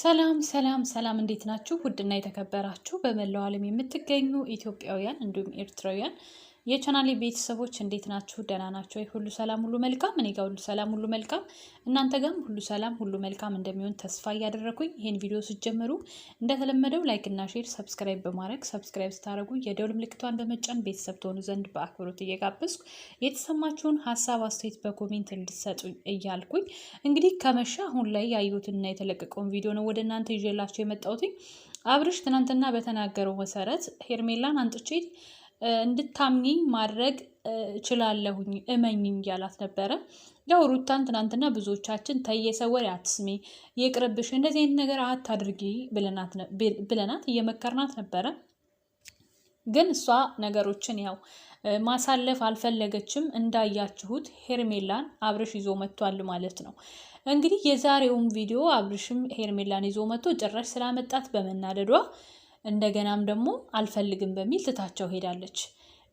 ሰላም ሰላም ሰላም፣ እንዴት ናችሁ? ውድና የተከበራችሁ በመላው ዓለም የምትገኙ ኢትዮጵያውያን እንዲሁም ኤርትራውያን የቻናሌ ቤተሰቦች እንዴት ናችሁ? ደህና ናቸው። ሁሉ ሰላም ሁሉ መልካም፣ እኔ ጋር ሁሉ ሰላም ሁሉ መልካም፣ እናንተ ጋርም ሁሉ ሰላም ሁሉ መልካም እንደሚሆን ተስፋ እያደረኩኝ ይህን ቪዲዮ ስትጀምሩ እንደተለመደው ላይክ እና ሼር፣ ሰብስክራይብ በማድረግ ሰብስክራይብ ስታደርጉ የደውል ምልክቷን በመጫን ቤተሰብ ትሆኑ ዘንድ በአክብሮት እየጋበዝኩ የተሰማችሁን ሀሳብ አስተያየት በኮሜንት እንድትሰጡኝ እያልኩኝ እንግዲህ ከመሻ አሁን ላይ ያዩትና የተለቀቀውን ቪዲዮ ነው ወደ እናንተ ይዤላቸው የመጣሁትኝ አብርሽ ትናንትና በተናገረው መሰረት ሄርሜላን አንጥቼ እንድታምኚኝ ማድረግ እችላለሁኝ እመኝኝ እያላት ነበረ። ያው ሩታን ትናንትና ብዙዎቻችን ተየሰው ወሬ አትስሚ፣ ይቅርብሽ፣ እንደዚህ አይነት ነገር አታድርጊ ብለናት እየመከርናት ነበረ። ግን እሷ ነገሮችን ያው ማሳለፍ አልፈለገችም። እንዳያችሁት ሄርሜላን አብርሽ ይዞ መጥቷል ማለት ነው። እንግዲህ የዛሬውን ቪዲዮ አብርሽም ሄርሜላን ይዞ መጥቶ ጭራሽ ስላመጣት በመናደዷ እንደገናም ደግሞ አልፈልግም በሚል ትታቸው ሄዳለች።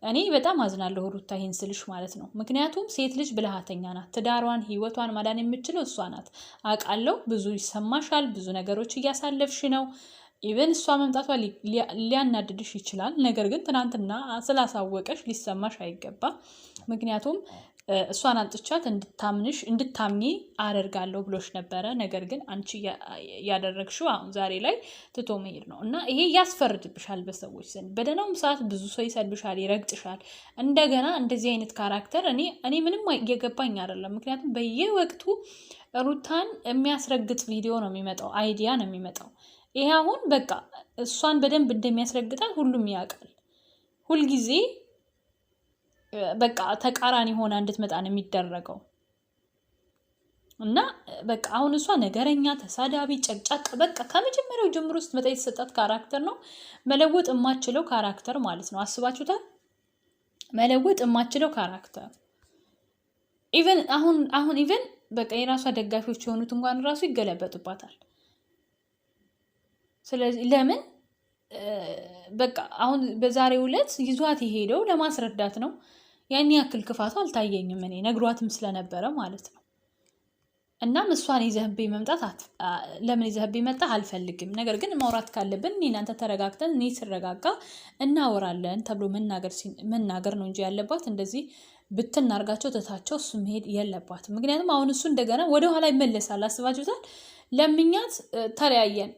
እኔ በጣም አዝናለሁ ሩታ ይህን ስልሽ ማለት ነው። ምክንያቱም ሴት ልጅ ብልሃተኛ ናት። ትዳሯን፣ ህይወቷን ማዳን የምችለው እሷ ናት። አውቃለሁ ብዙ ይሰማሻል፣ ብዙ ነገሮች እያሳለፍሽ ነው። ኢቨን እሷ መምጣቷ ሊያናድድሽ ይችላል። ነገር ግን ትናንትና ስላሳወቀሽ ሊሰማሽ አይገባ ምክንያቱም እሷን አንጥቻት እንድታምንሽ እንድታምኚ አደርጋለሁ ብሎሽ ነበረ። ነገር ግን አንቺ ያደረግሽው አሁን ዛሬ ላይ ትቶ መሄድ ነው እና ይሄ ያስፈርድብሻል በሰዎች ዘንድ። በደህናውም ሰዓት ብዙ ሰው ይሰድብሻል፣ ይረግጥሻል። እንደገና እንደዚህ አይነት ካራክተር እኔ እኔ ምንም እየገባኝ አይደለም። ምክንያቱም በየወቅቱ ሩታን የሚያስረግጥ ቪዲዮ ነው የሚመጣው፣ አይዲያ ነው የሚመጣው። ይሄ አሁን በቃ እሷን በደንብ እንደሚያስረግጣት ሁሉም ያውቃል ሁልጊዜ በቃ ተቃራኒ ሆና እንድትመጣ ነው የሚደረገው። እና በቃ አሁን እሷ ነገረኛ፣ ተሳዳቢ፣ ጨቅጫቅ በቃ ከመጀመሪያው ጀምሮ ስትመጣ የተሰጣት ካራክተር ነው። መለወጥ የማችለው ካራክተር ማለት ነው። አስባችሁታል? መለወጥ የማችለው ካራክተር ኢቨን አሁን አሁን ኢቨን በቃ የራሷ ደጋፊዎች የሆኑት እንኳን ራሱ ይገለበጡባታል። ስለዚህ ለምን በቃ አሁን በዛሬው ዕለት ይዟት የሄደው ለማስረዳት ነው። ያን ያክል ክፋቱ አልታየኝም። እኔ ነግሯትም ስለነበረ ማለት ነው። እናም እሷን ይዘህብኝ መምጣት ለምን ይዘህብኝ መጣህ አልፈልግም። ነገር ግን ማውራት ካለብን እኔ እናንተ ተረጋግተን እኔ ስረጋጋ እናወራለን ተብሎ መናገር ነው እንጂ ያለባት እንደዚህ ብትናርጋቸው አድርጋቸው ትታቸው እሱ መሄድ የለባትም። ምክንያቱም አሁን እሱ እንደገና ወደኋላ ይመለሳል። አስባችሁታል? ለምኛት ተለያየን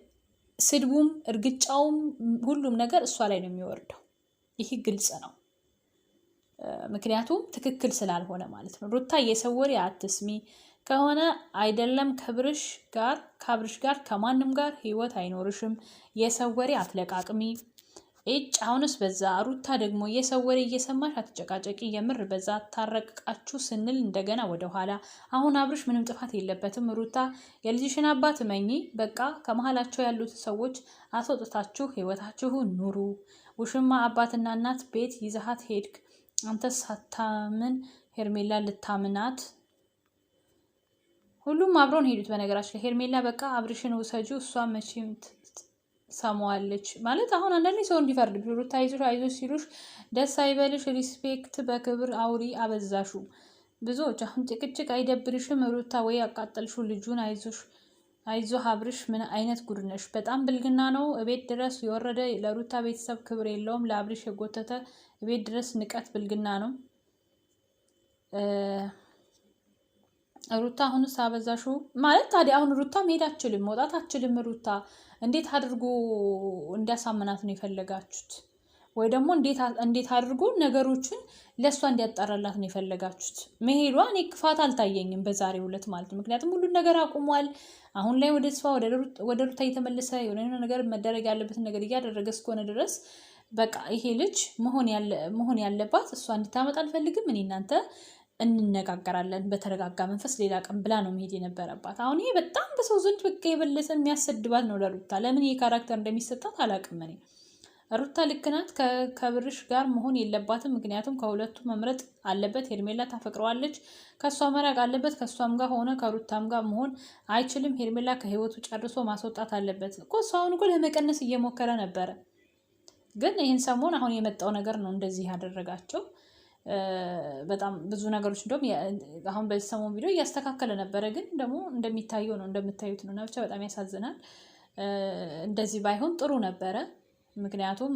ስድቡም እርግጫውም ሁሉም ነገር እሷ ላይ ነው የሚወርደው። ይህ ግልጽ ነው። ምክንያቱም ትክክል ስላልሆነ ማለት ነው። ሩታ የሰው ወሬ አትስሚ ከሆነ አይደለም ከብርሽ ጋር ከብርሽ ጋር ከማንም ጋር ህይወት አይኖርሽም። የሰው ወሬ አትለቃቅሚ ኤጭ አሁንስ በዛ። ሩታ ደግሞ የሰው ወሬ እየሰማሽ አትጨቃጨቂ፣ የምር በዛ። ታረቅቃችሁ ስንል እንደገና ወደ ኋላ። አሁን አብርሽ ምንም ጥፋት የለበትም። ሩታ የልጅሽን አባት መኝ፣ በቃ ከመሀላቸው ያሉት ሰዎች አስወጥታችሁ ህይወታችሁን ኑሩ። ውሽማ አባትና እናት ቤት ይዘሃት ሄድክ። አንተ ሳታምን ሄርሜላ ልታምናት ሁሉም አብረውን ሄዱት። በነገራችን ላይ ሄርሜላ በቃ አብርሽን ውሰጁ፣ እሷ መቼም ሰማዋለች ማለት አሁን አንዳንዴ ሰው እንዲፈርድ ቢሩት አይዞሽ አይዞሽ ሲሉሽ ደስ አይበልሽ፣ ሪስፔክት በክብር አውሪ አበዛሹ። ብዙዎች አሁን ጭቅጭቅ አይደብርሽም ሩታ ወይ ያቃጠልሹ ልጁን አይዞሽ አይዞ ሀብርሽ ምን አይነት ጉድነሽ! በጣም ብልግና ነው። እቤት ድረስ የወረደ ለሩታ ቤተሰብ ክብር የለውም። ለአብርሽ የጎተተ እቤት ድረስ ንቀት ብልግና ነው። ሩታ አሁንስ ሳበዛሹ ማለት ታዲያ አሁን ሩታ መሄድ አችልም መውጣት አችልም። ሩታ እንዴት አድርጎ እንዲያሳምናት ነው የፈለጋችሁት? ወይ ደግሞ እንዴት አድርጎ ነገሮችን ለእሷ እንዲያጣራላት ነው የፈለጋችሁት? መሄዷ እኔ ክፋት አልታየኝም በዛሬው ዕለት ማለት ነው። ምክንያቱም ሁሉን ነገር አቁሟል። አሁን ላይ ወደ ስፋ ወደ ሩታ እየተመለሰ የሆነ ነገር መደረግ ያለበትን ነገር እያደረገ እስከሆነ ድረስ በቃ ይሄ ልጅ መሆን ያለባት እሷ እንድታመጣ አልፈልግም። እኔ እናንተ እንነጋገራለን በተረጋጋ መንፈስ ሌላ ቀን ብላ ነው መሄድ የነበረባት። አሁን ይሄ በጣም በሰው ዘንድ በቃ የበለጠ የሚያሰድባት ነው ለሩታ። ለምን ይሄ ካራክተር እንደሚሰጣት አላቅም እኔ። ሩታ ልክ ናት። ከብርሽ ጋር መሆን የለባትም ምክንያቱም ከሁለቱ መምረጥ አለበት። ሄርሜላ ታፈቅረዋለች፣ ከእሷ መራቅ አለበት። ከእሷም ጋር ሆነ ከሩታም ጋር መሆን አይችልም። ሄርሜላ ከህይወቱ ጨርሶ ማስወጣት አለበት እኮ እሱ አሁን እኮ ለመቀነስ እየሞከረ ነበረ፣ ግን ይህን ሰሞን አሁን የመጣው ነገር ነው እንደዚህ ያደረጋቸው። በጣም ብዙ ነገሮች እንደም አሁን በዚህ ቪዲዮ እያስተካከለ ነበረ፣ ግን ደግሞ እንደሚታየው ነው እንደምታዩት ነው ብቻ በጣም ያሳዝናል። እንደዚህ ባይሆን ጥሩ ነበረ። ምክንያቱም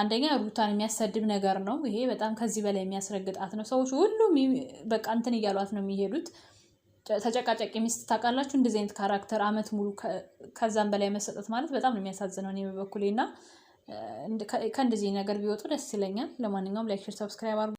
አንደኛ ሩታን የሚያሰድብ ነገር ነው ይሄ። በጣም ከዚህ በላይ የሚያስረግጣት ነው። ሰዎች ሁሉም በቃ እንትን እያሏት ነው የሚሄዱት። ተጨቃጫቂ ሚስት ታውቃላችሁ፣ እንደዚህ አይነት ካራክተር አመት ሙሉ ከዛም በላይ መሰጠት ማለት በጣም ነው የሚያሳዝነው እኔ በበኩሌ እና ከእንደዚህ ነገር ቢወጡ ደስ ይለኛል። ለማንኛውም ላይክ፣ ሼር፣ ሰብስክራይብ